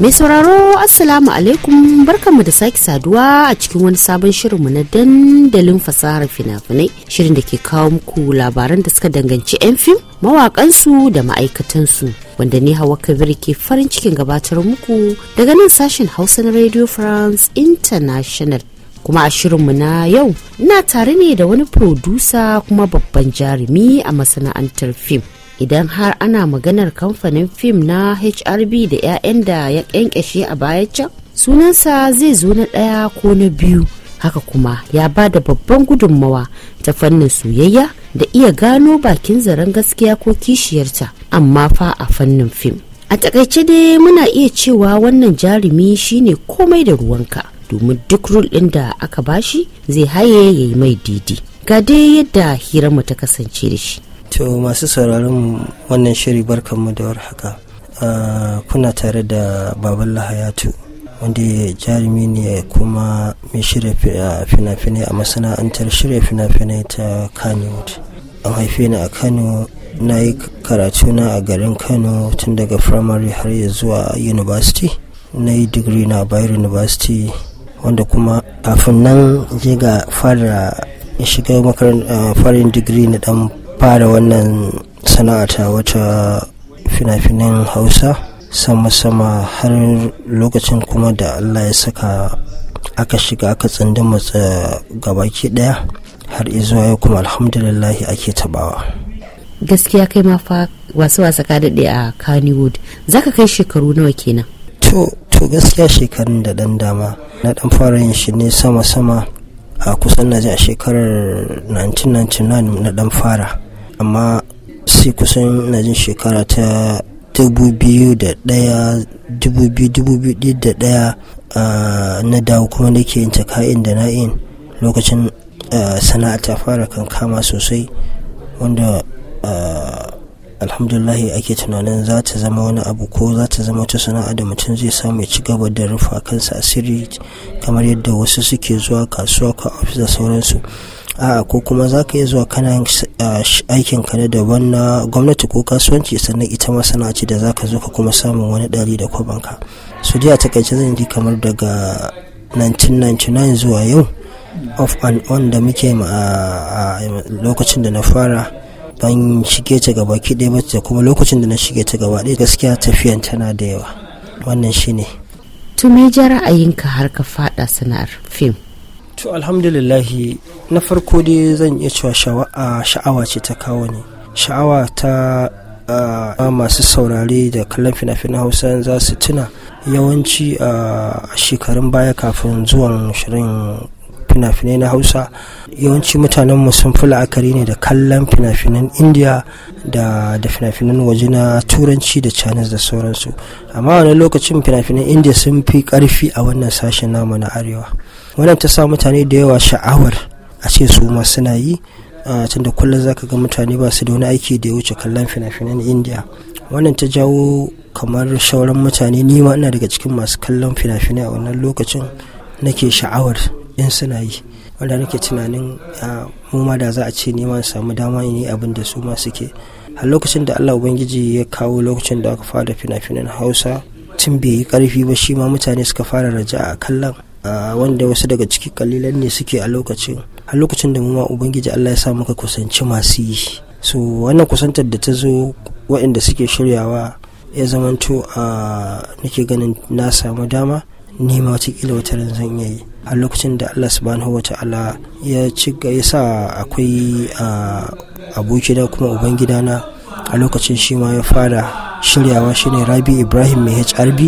Mai sauraro Assalamu alaikum barkanmu da sake saduwa a cikin wani sabon shirin mu na dandalin fasahar fina-finai shirin da ke kawo muku labaran da suka danganci 'yan fim mawakansu da ma'aikatansu wanda ne hawa kabir ke farin cikin gabatar muku daga nan sashen hausa na radio france international kuma a shirinmu na yau na tare ne da wani furodusa kuma babban jarumi a masana'antar fim idan har ana maganar kamfanin fim na hrb da 'ya'yan da ya kyankyashe a baya can sunansa zai zo na ɗaya ko na biyu haka kuma ya ba da babban gudunmawa ta fannin soyayya da iya gano bakin zaren gaskiya ko kishiyarta amma fa a fannin fim a takaice dai muna iya cewa wannan jarumi shine komai da ruwanka domin duk rul ɗin da aka bashi zai haye ya yi mai didi ga dai yadda hirarmu ta kasance da shi To masu sauraron wannan shiri barkanmu da warhaka. Kuna tare da Baban Lahayatu wanda jarumi ne kuma mai shirya fina-finai a masana'antar shirya fina-finai ta Kannywood. An haife ni a Kano na yi karatu a garin Kano tun daga firamare har ya zuwa university. Na yi digiri na Bayero University wanda kuma kafin nan je ga fara shiga farin digiri na dan fara wannan sana'a ta wata fina-finan hausa sama-sama har lokacin kuma da allah ya saka aka shiga aka tsindin matsa gabaki daya har izuwa yau kuma alhamdulillahi ake tabawa gaskiya kai ma fa wasu wasa ka daɗe a kannywood za ka kai shekaru nawa kenan to gaskiya shekarun da ɗan dama na ɗan fara yin shi ne sama-sama a kusan na a shekarar 1999 na ɗan fara amma sai kusan na jin shekara ta 2001 ah, na dawo kuma nake yin ta ka'in da na'in lokacin ah, sana'a ta fara kankama sosai wanda ah, alhamdulahi ake tunanin za ta zama wani abu ko za ta zama wata sana'a da mutum zai samu ya ci gaba da rufa kansa asiri kamar yadda wasu suke zuwa kasuwa ko ofis da sauransu ko kuma za ka iya zuwa kana aikin ka na daban na gwamnati ko kasuwanci sannan ita ce da za ka zo ka kuma samun wani ɗari da ka su ji a takaice zan ji kamar daga 1999 zuwa yau off and on da muke a lokacin da na fara ban shige ta gaba ki ɗaya ta kuma lokacin da na shige ta gaba ɗaya gaskiya tafiyan tana da yawa wannan shine to me ra'ayinka har ka fada sana'ar fim to alhamdulillahi na farko dai zan iya cewa sha'awa ce ta kawo ne sha'awa ta uh, masu saurare da kallon fina-finan hausa za su tuna yawanci a shekarun baya kafin zuwan shirin fina-finai na hausa yawanci mutanenmu sun fi la'akari ne da kallon fina-finan indiya da da fina-finan waje na turanci da chinese da sauransu amma wani lokacin fina-finan indiya sun fi karfi a wannan sashen namu na arewa wannan ta sa mutane da yawa sha'awar a ce su ma suna yi a tunda kullum za ka ga mutane ba su da wani aiki da ya wuce kallon fina-finan india wannan ta jawo kamar shauran mutane ni ma ina daga cikin masu kallon fina-finai a wannan lokacin nake sha'awar in suna yi wanda nake tunanin mu ma da za a ce ni ma samu dama in yi abin da su ma suke a lokacin da allah ubangiji ya kawo lokacin da aka fara fina-finan hausa tun bai yi karfi ba shi ma mutane suka fara raja a kallon Ah, wanda wasu daga ciki kalilan ne suke a lokacin a lokacin da ma ubangiji allah ya sa muka kusanci masu yi so wannan kusantar da ta zo waɗanda suke shiryawa ya zamanto a ah, nake ganin na samu dama ni ma watakila wata ran zan iya yi a lokacin da allah subhanahu wa ta'ala ya ci ya sa akwai ah, abokina kuma ubangidana a lokacin shi ma ya fara shiryawa shine rabi ibrahim mai hrb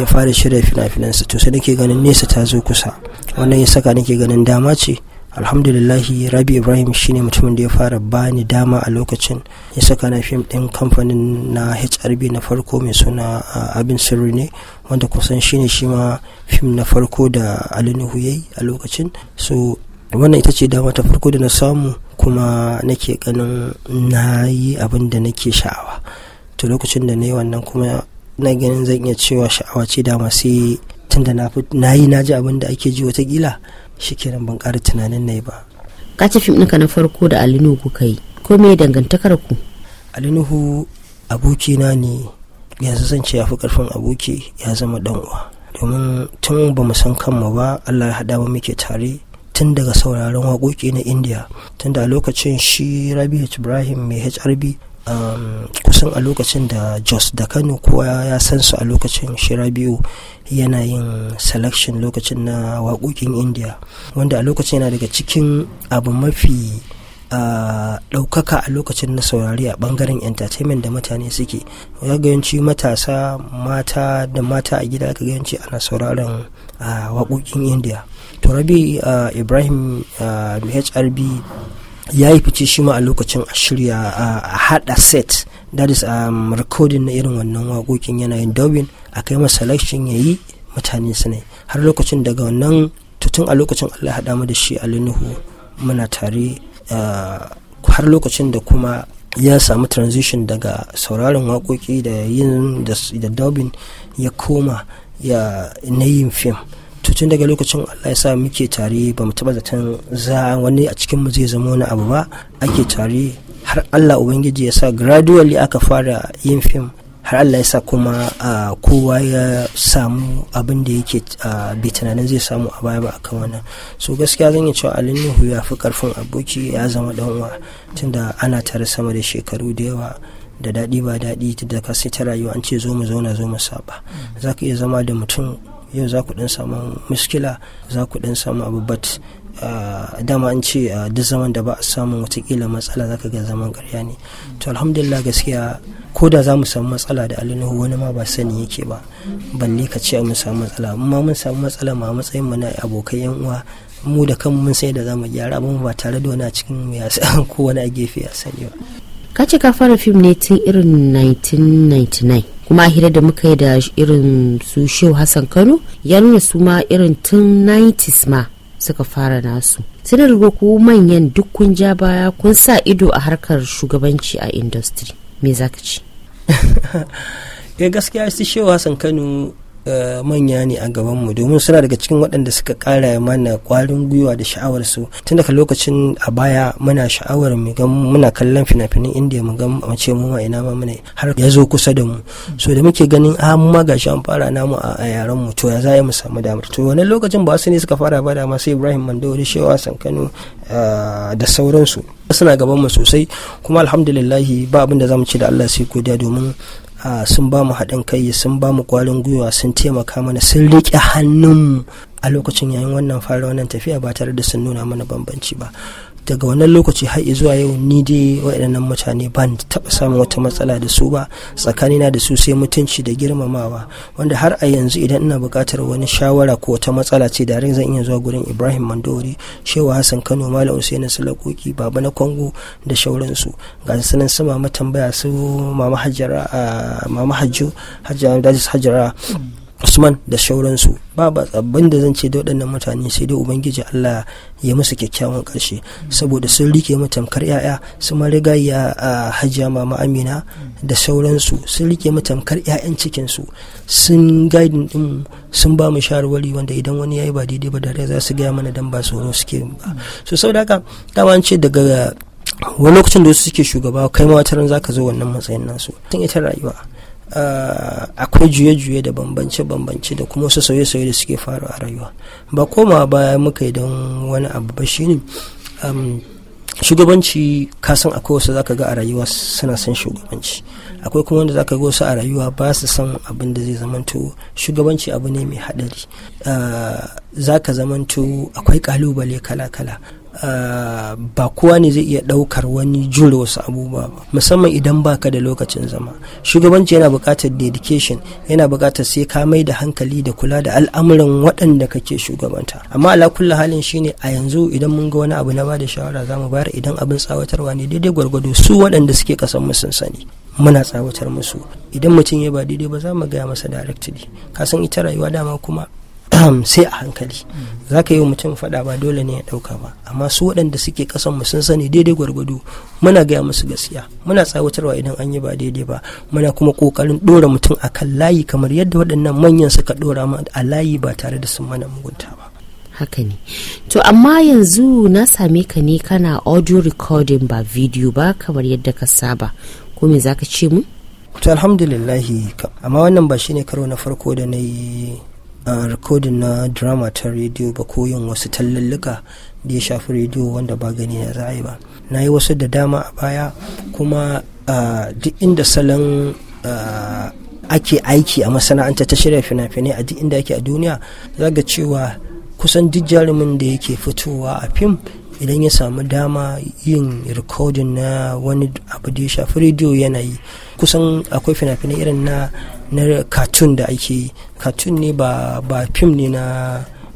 ya fara shirya fina-finansa to sai nake ganin nesa ta zo kusa wannan ya saka nake ganin dama ce alhamdulillahi rabi ibrahim shine mutumin da ya fara bani dama a lokacin ya saka na fim din kamfanin na hrb na farko mai suna ah, abin sirri ne wanda kusan shine shi ma fim na farko da alinuhu yi a lokacin so wannan ita ce dama ta farko da na samu kuma nake ganin na yi abin da nake sha'awa to lokacin da na wannan kuma na ganin zan iya cewa sha'awa ce da masu tun da na yi na ji abin da ake ji watakila shi kenan ban ƙara tunanin na yi ba ka ci fim ɗinka na farko da alinu kuka yi ko me dangantakar ku alinuhu abokina ne yanzu zan ya fi ƙarfin aboki ya zama dan uwa domin tun ba mu san kanmu ba allah ya haɗa mu muke tare tun daga sauraron waƙoƙi na indiya tun da lokacin shi rabi ibrahim mai hrb Um, kusan a lokacin da jos da kano kowa ya san su a lokacin biyu yana yin selection lokacin na waƙoƙin india wanda a lokacin yana daga cikin abu mafi uh, ɗaukaka a lokacin na saurari a ɓangaren entertainment da mutane suke yawanci matasa mata da mata a gida ka gayanci ana sauraron uh, waƙoƙin india to rabi uh, ibrahim hrb ya yi fice shi ma a lokacin a shirya a hada set that is um, recording na irin wannan waƙoƙin yanayin daubin a kai masa selection ya yi mutane su ne har lokacin daga wannan tutun a lokacin allah haɗa mu da shi a linuhu muna tare uh, har lokacin da kuma ya samu transition daga sauraron waƙoƙi da yin da daubin ya koma ya na yin fim to tun daga lokacin Allah ya sa muke tare ba mu taba zaton za wani a cikin mu zai zama wani abu ba ake tare har Allah ubangiji ya sa gradually aka fara yin fim har Allah ya sa kuma kowa ya samu abin da yake bai tunanin zai samu a baya ba akan wannan so gaskiya zan yi cewa alin nuhu ya fi karfin aboki ya zama dan uwa tunda ana tare sama da shekaru da yawa da daɗi ba daɗi da ka sai ta rayuwa an ce zo mu zauna zo mu saba za ka iya zama da mutum yau za ku ɗan samu muskila za ku ɗan samu abu bat dama an ce duk zaman da ba a samun watakila matsala za ka ga zaman karya ne to alhamdulillah gaskiya ko da za mu samu matsala da alinuhu wani ma ba sani yake ba balle ka ce mun samu matsala amma mun samu matsala ma matsayin mu na abokai yan uwa mu da kanmu mun sai da za mu gyara mu ba tare da wani a cikin mu ya ko wani a gefe ya sani ba ka ce ka fara fim ne tun irin 1999 kuma hira da muka yi da irin su shehu hassan kano ya nuna su ma irin tun 90s ma suka fara nasu sanar da ku manyan duk kun ja baya kun sa ido a harkar shugabanci a industry me zaka ce eh, gaskiya su shehu hassan kano Eh, manya ne a gaban mu domin suna daga cikin waɗanda suka ƙara mana ƙwarin gwiwa da sha'awar su tun daga lokacin a baya muna sha'awar mu ga muna kallon fina-finan indiya mu ga mace mu ma ina ma muna har ya zo kusa da mu so da muke ganin a ah, mu ma gashi an fara namu a yaran mu to ya za mu samu damar to wani lokacin ba su ne suka fara ba dama sai Ibrahim Mando da Shewa Kano. Eh, da sauransu suna gaban mu sosai kuma alhamdulillahi ba abin da zamu ci da Allah sai godiya domin sun ba mu haɗin kai sun ba mu ƙwarin gwiwa sun taimaka mana sun riƙe hannunmu a lokacin yayin wannan fara wannan tafiya ba tare da sun nuna mana bambanci ba daga wannan lokaci har zuwa yau ni dai waɗannan mutane ban taɓa samun wata matsala da su ba tsakani na da su sai mutunci da girmamawa wanda har a yanzu idan ina buƙatar wani shawara ko wata matsala ce da zan iya zuwa gurin ibrahim mandori shewa hassan kano malam usaini salakoki baba na kongo da shauransu ga su nan sama matambaya su mama hajjara ah, hajjara usman da shauransu ba ba tsabban da zan ce da waɗannan mutane sai dai ubangiji allah ya musu kyakkyawan ƙarshe saboda sun rike mu tamkar yaya su ma riga ya hajiya mama amina da sauransu sun rike mu tamkar yayan cikinsu sun gaidin din sun ba mu shawarwari wanda idan wani ya yi ba daidai ba da za su gaya mana dan ba tsoro suke ba so saboda haka dama ce daga wani lokacin da wasu suke shugaba kai ma wataran zaka zo wannan matsayin nasu tun ita rayuwa Eh, akwai juye-juye da bambance-bambance da kuma wasu sauye-sauye da suke faru a rayuwa ba koma baya muka yi don wani abu ba shine um, shugabanci kasan akwai wasu zaka ga a rayuwa suna son shugabanci akwai kuma wanda zaka ga wasu a rayuwa ba su son abin da zai zamanto shugabanci abu ne mai hadari eh, zaka zamanto akwai kalubale kala-kala ba kowa ne zai iya ɗaukar wani jure wasu abubuwa ba musamman idan baka da lokacin zama shugabanci yana buƙatar dedication yana buƙatar sai ka mai da hankali da kula da al'amuran waɗanda kake shugabanta amma ala halin shine a yanzu idan mun ga wani abu na bada shawara za bayar idan abin tsawatarwa ne daidai gwargwado su waɗanda suke kasan mu sun sani muna tsawatar musu idan mutum ya ba daidai ba za mu gaya masa directly kasan ita rayuwa dama kuma sai a hankali za ka yi mutum faɗa ba dole ne ya ɗauka ba amma su waɗanda suke ƙasan mu sun sani daidai gwargwado muna gaya musu gaskiya muna tsawatarwa idan an yi ba daidai ba muna kuma ƙoƙarin ɗora mutum a kan layi kamar yadda waɗannan manyan suka ɗora ma a layi ba tare da sun mana mugunta ba haka ne to amma yanzu na same ka ne kana audio recording ba video ba kamar yadda ka saba ko me zaka ce mu to alhamdulillahi amma wannan ba shine karo na farko da na yi rikodin na drama ta rediyo ba ko yin wasu tallallika da ya shafi rediyo wanda ba gani na za ba na yi wasu da dama a baya kuma duk inda salon ake aiki a masana'anta ta shirya fina-finai a duk inda ake a duniya za ga cewa kusan duk jarumin da yake fitowa a fim idan ya samu dama yin rikodin na wani abu da ya shafi rediyo yanayi yi kusan akwai fina-finai irin na na cartoon da ake yi cartoon ne ba ba fim ne na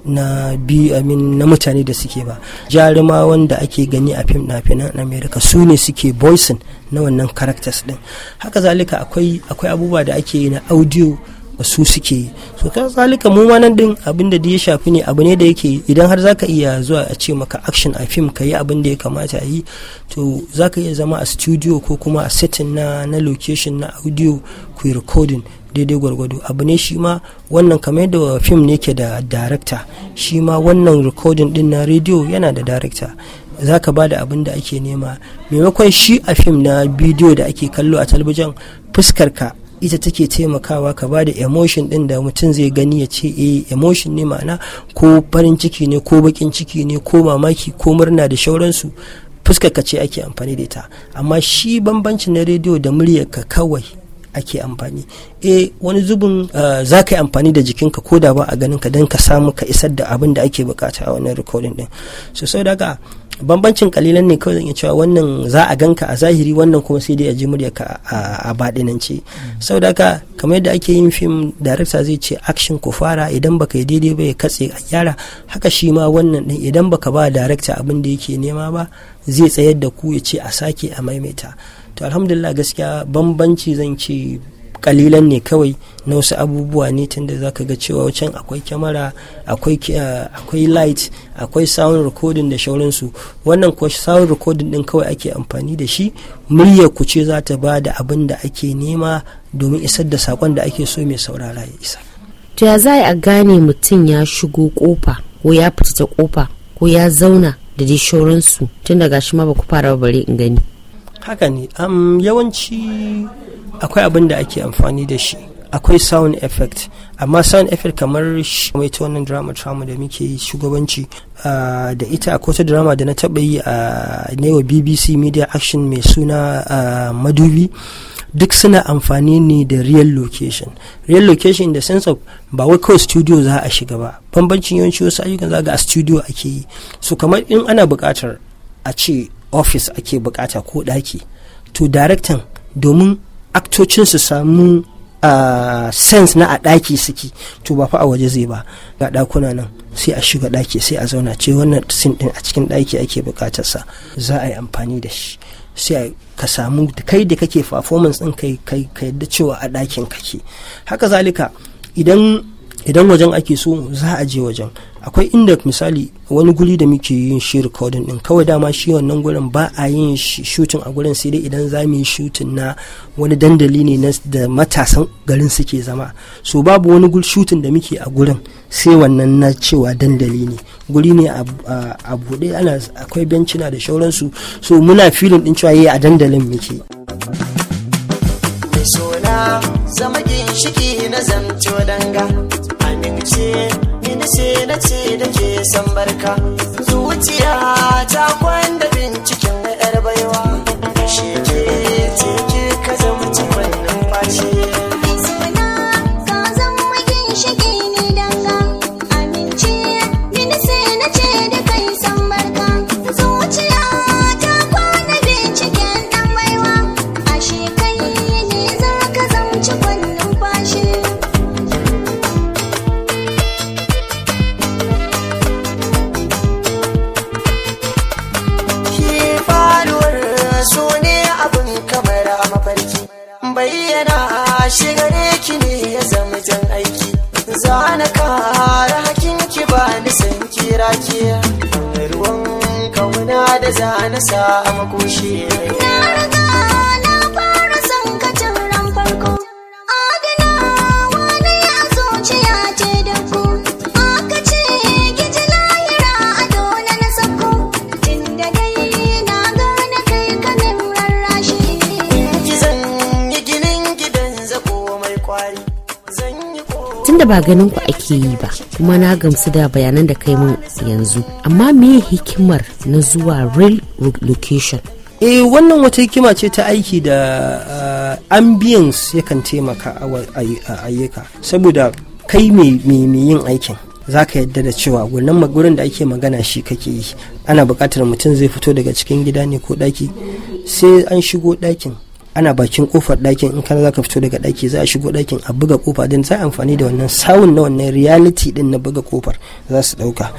na bi amin na mutane da suke ba jaruma wanda ake gani a fim na na america su ne suke voicing na wannan characters din haka zalika akwai akwai abubuwa da ake yi na audio su suke yi so kan zalika mu ma nan din abin da ya shafi ne abu ne da yake idan har zaka iya zuwa a ce maka action a fim ka yi abin da ya kamata a yi to zaka iya zama a studio ko kuma a setting na na location na audio ku recording daidai gwargwado abu ne shi ma wannan kamar yadda fim ne ke da darakta shi ma wannan rikodin din na rediyo yana da darakta za ka ba da abin da ake nema maimakon shi a fim na bidiyo da ake kallo a talabijin ka ita take taimakawa ka ba da emotion din da mutum zai gani ya ce eh emotion ne ma'ana ko farin ciki ne ko bakin ciki ne ko mamaki ko murna da shauransu fuskar ka ce ake amfani da ita amma shi bambanci na rediyo da ka kawai ake amfani e wani zubin eh, za ka yi amfani da jikinka ko da ba a ganin ka don ka samu ka isar da abin da ake bukata a wannan recording din so sau daga bambancin kalilan ne kawai zan iya cewa wannan za a ganka a zahiri wannan kuma sai dai a ji muryarka a baɗinance sau da ka kamar yadda ake yin fim darakta zai ce action ku fara idan baka yi daidai ba ya katse a gyara haka shi ma wannan din idan baka ba darakta abin da yake nema ba zai tsayar da ku ya ce a sake a maimaita to alhamdulillah gaskiya bambanci zan ce kalilan ne kawai na wasu abubuwa ne tunda za ka ga cewa wacan akwai kyamara eh, akwai light akwai sound recording da shauransu wannan kuwa sound recording din kawai ake amfani da shi muryar ku ce za ta ba da abin da ake nema domin isar da sakon da ake so mai saurara ya isa to ya za a gane mutum ya shigo kofa ko ya fita ta kofa ko ya zauna da dai shauransu tun daga shi ma ba ku fara bare in gani haka ne um, yawanci akwai abin da ake amfani da shi akwai sound effect amma sound effect kamar mai ta wannan drama trauma da muke shugabanci da ita akwai kota drama da na taɓa yi a newa bbc media action mai suna madubi duk suna amfani ne da real location real location in the sense of ba wai kawai studio za a shiga ba bambancin yawanci wasu ayyukan za ga a studio ake yi so kamar in ana buƙatar a ce ofis ake bukata ko ɗaki to daraktan domin aktocin su samu uh, sense na a ɗaki suke to ba fa a waje zai ba ga ɗakuna nan sai a shiga ɗaki sai a zauna ce wannan sin ɗin a cikin ɗaki ake bukatarsa za a yi amfani da shi sai ka samu kai da kake performance ɗin kai kai ka yadda cewa a ɗakin kake haka zalika idan idan wajen ake so za a je wajen akwai inda misali wani guri da muke yin shi recording din kawai dama shi wannan gurin ba a yin shutin a gurin sai dai idan za mu yi shooting na wani dandali ne da matasan garin suke zama so babu wani shutin da muke a gurin sai wannan na cewa dandali ne guri ne a buɗe ana akwai bencina da shauransu so muna filin din cewa yayi a dandalin muke zama ginshiki na danga sai na ce da ke san barka zuciya ta kwanda bincike za na kara hakin ki ba ni san kira ki ruwan kauna da za na sa a na tunda ba ganin ku ake yi ba kuma na gamsu da bayanan da kai mun yanzu amma me hikimar na zuwa real location eh wannan wata hikima ce ta aiki da ah, ambience yakan taimaka a ayyuka saboda kai mai yin aikin za ka yadda da cewa wannan magurin da ake magana shi kake yi ana buƙatar mutum zai fito daga cikin gida ne ko ɗaki sai an shigo ɗakin ana bakin kofar ɗakin in kana zaka fito daga ɗaki za a shigo ɗakin a buga kofa din za a amfani da wannan sawun na wannan reality din na buga kofar za su ɗauka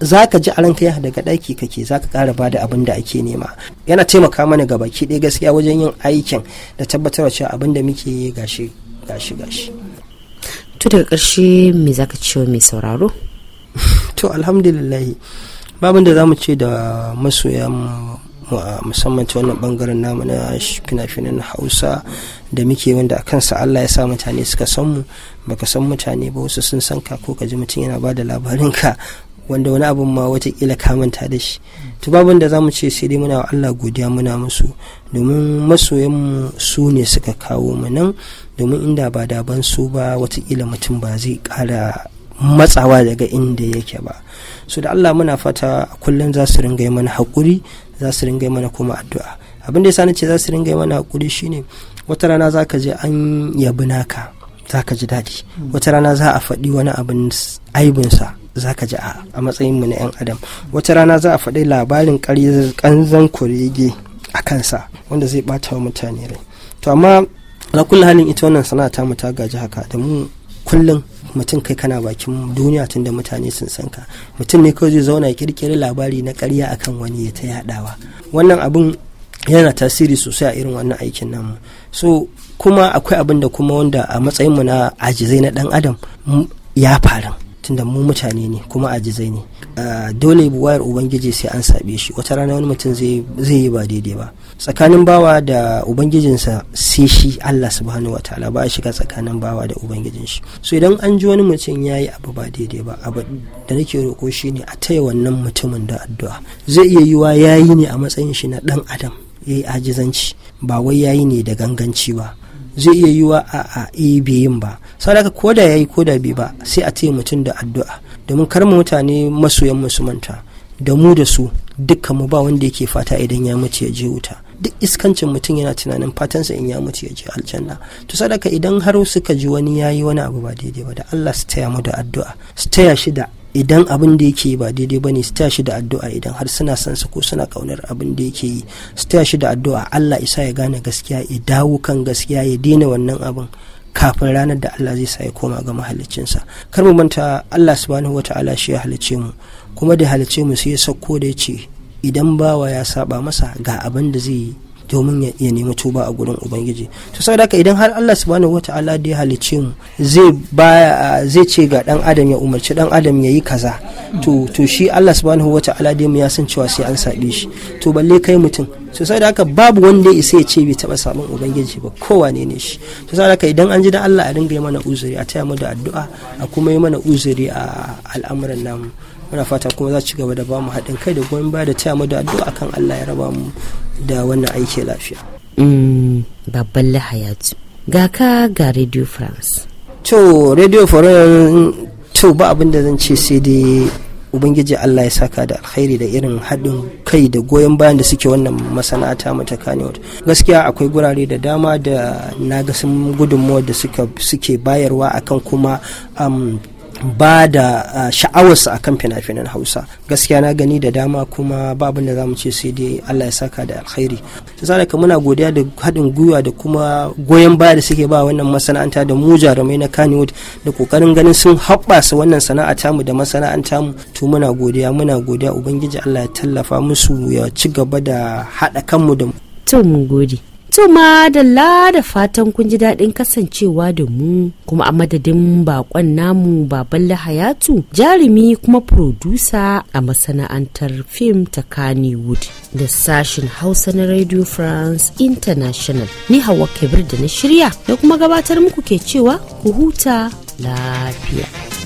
zaka ji a ranka ya daga ɗaki kake zaka kara ƙara bada abin da ake nema yana taimaka mana ga baki ɗaya gaskiya wajen yin aikin da tabbatarwa cewa abin da muke yi gashi gashi gashi. to daga ƙarshe me zaka ce mai sauraro. to alhamdulillahi babin da zamu mu ce da masoyan musamman ta wannan bangaren namu na fina na hausa da muke wanda a kansa allah ya sa mutane suka san mu baka san mutane ba wasu sun san ka ko ka ji mutum yana ba da labarin ka wanda wani abin ma watakila ka manta da shi to babu da za mu ce sai dai muna wa allah godiya muna musu domin masoyanmu su ne suka kawo mu nan domin inda ba daban su ba watakila mutum ba zai kara matsawa daga inda yake ba su da Allah muna fata kullum za su ringa mana haƙuri za su ringa mana kuma addu'a abin da sani ce za su ringa mana haƙuri shine wata rana za ka je an yabi naka za ka ji daɗi wata rana za a faɗi wani abin aibinsa za ka ji a matsayinmu na 'yan adam wata rana za a faɗi labarin ƙanzan kurege a kansa wanda zai ɓata wa mutane rai to amma ala halin ita wannan sana'a ta mu ta gaji haka da mu kullum mutum kai kana bakin duniya tun da mutane sun san ka mutum ne kawai zai zauna ya kirkiri labari na karya akan wani ya ta yaɗawa wannan abun yana tasiri sosai a irin wannan aikin namu so kuma akwai abin da kuma wanda a matsayinmu na ajizai na dan adam ya faru tunda mu mutane ne kuma ajizai ne ah, dole buwayar ubangiji sai an sabe shi wata rana wani mutum zai yi ba daidai ba tsakanin bawa da ubangijinsa sai shi Allah subhanahu wa ta'ala ba shiga tsakanin bawa da ubangijin shi so idan an ji wani mutum ya yi abu ba daidai ba abu da nake roƙo shi ne a taya wannan mutumin da addu'a zai iya yiwa ya yi ne a matsayin shi na ɗan adam ya yi ajizanci ba wai ya yi ne da ganganci ba zai iya yiwa a a e, bai yin ba sadaka ko da ya yi ko da bi ba sai a taya mutum da addu'a domin kar mu mutane masoyan musu manta da mu da su dukkanmu ba wanda yake fata idan ya mace ya je wuta duk iskancin mutum yana tunanin fatansa in ya mutu ya je aljanna to sadaka idan har suka ji wani yayi wani abu ba daidai ba da Allah su taya mu da addu'a su taya shi da idan abin da yake ba daidai ba ne su taya shi da addu'a idan har suna son sa ko suna kaunar abin da yake yi su taya shi da addu'a Allah isa ya gane gaskiya ya dawo kan gaskiya ya daina wannan abin kafin ranar da Allah zai sa ya koma ga mahallicinsa kar mu manta Allah subhanahu wataala shi ya halicce mu kuma da halicce mu sai ya sauko da ya ce idan bawa ya saba masa ga abin da zai yi domin ya nemi tuba a gurin ubangiji to saboda haka idan har Allah subhanahu wata'ala da ya halicce mu zai baya zai ce ga dan adam ya umarci dan adam ya yi kaza to to shi Allah subhanahu wata'ala da mu ya san cewa sai an sabe shi to balle kai mutum to saboda haka babu wanda ya sai ya ce bai taba sabon ubangiji ba kowane ne shi to saboda haka idan an ji da Allah a dinga yi mana uzuri a taya mu da addu'a a kuma yi mana uzuri a al'amuran namu muna fata kuma za ci gaba da bamu haɗin kai da goyon baya da taya mu da addu'a kan Allah ya raba mu da wannan aiki lafiya. Mm, babban lahayatu ga ka ga radio france. to radio france to ba abin da zan ce sai dai ubangiji Allah ya saka da alkhairi da irin haɗin kai da goyon bayan da suke wannan masana'anta mata ta gaskiya akwai gurare da dama da na ga sun gudunmuwa da suke bayarwa akan kuma um, ba da ah, sha'awarsa a kan fina-finan hausa gaskiya na gani da dama kuma babu da zamu ce sai dai allah ya saka da alkhairi sai ka muna godiya da haɗin gwiwa da kuma goyon baya da suke ba wannan masana'anta da mu jarumai na kaniwood da kokarin ganin sun haɓɓasa wannan sana'a tamu da masana'anta mu to muna godiya muna godiya ubangiji allah ya tallafa musu ya ci gaba da haɗa kanmu da to mun gode To ma da da fatan kun ji daɗin kasancewa da mu kuma a madadin bakon namu baban lahayatu jarumi kuma produsa a masana'antar fim ta Kannywood da sashin Hausa na Radio France International. Ni Hawa Kabir da na shirya da kuma gabatar muku ke cewa ku huta lafiya.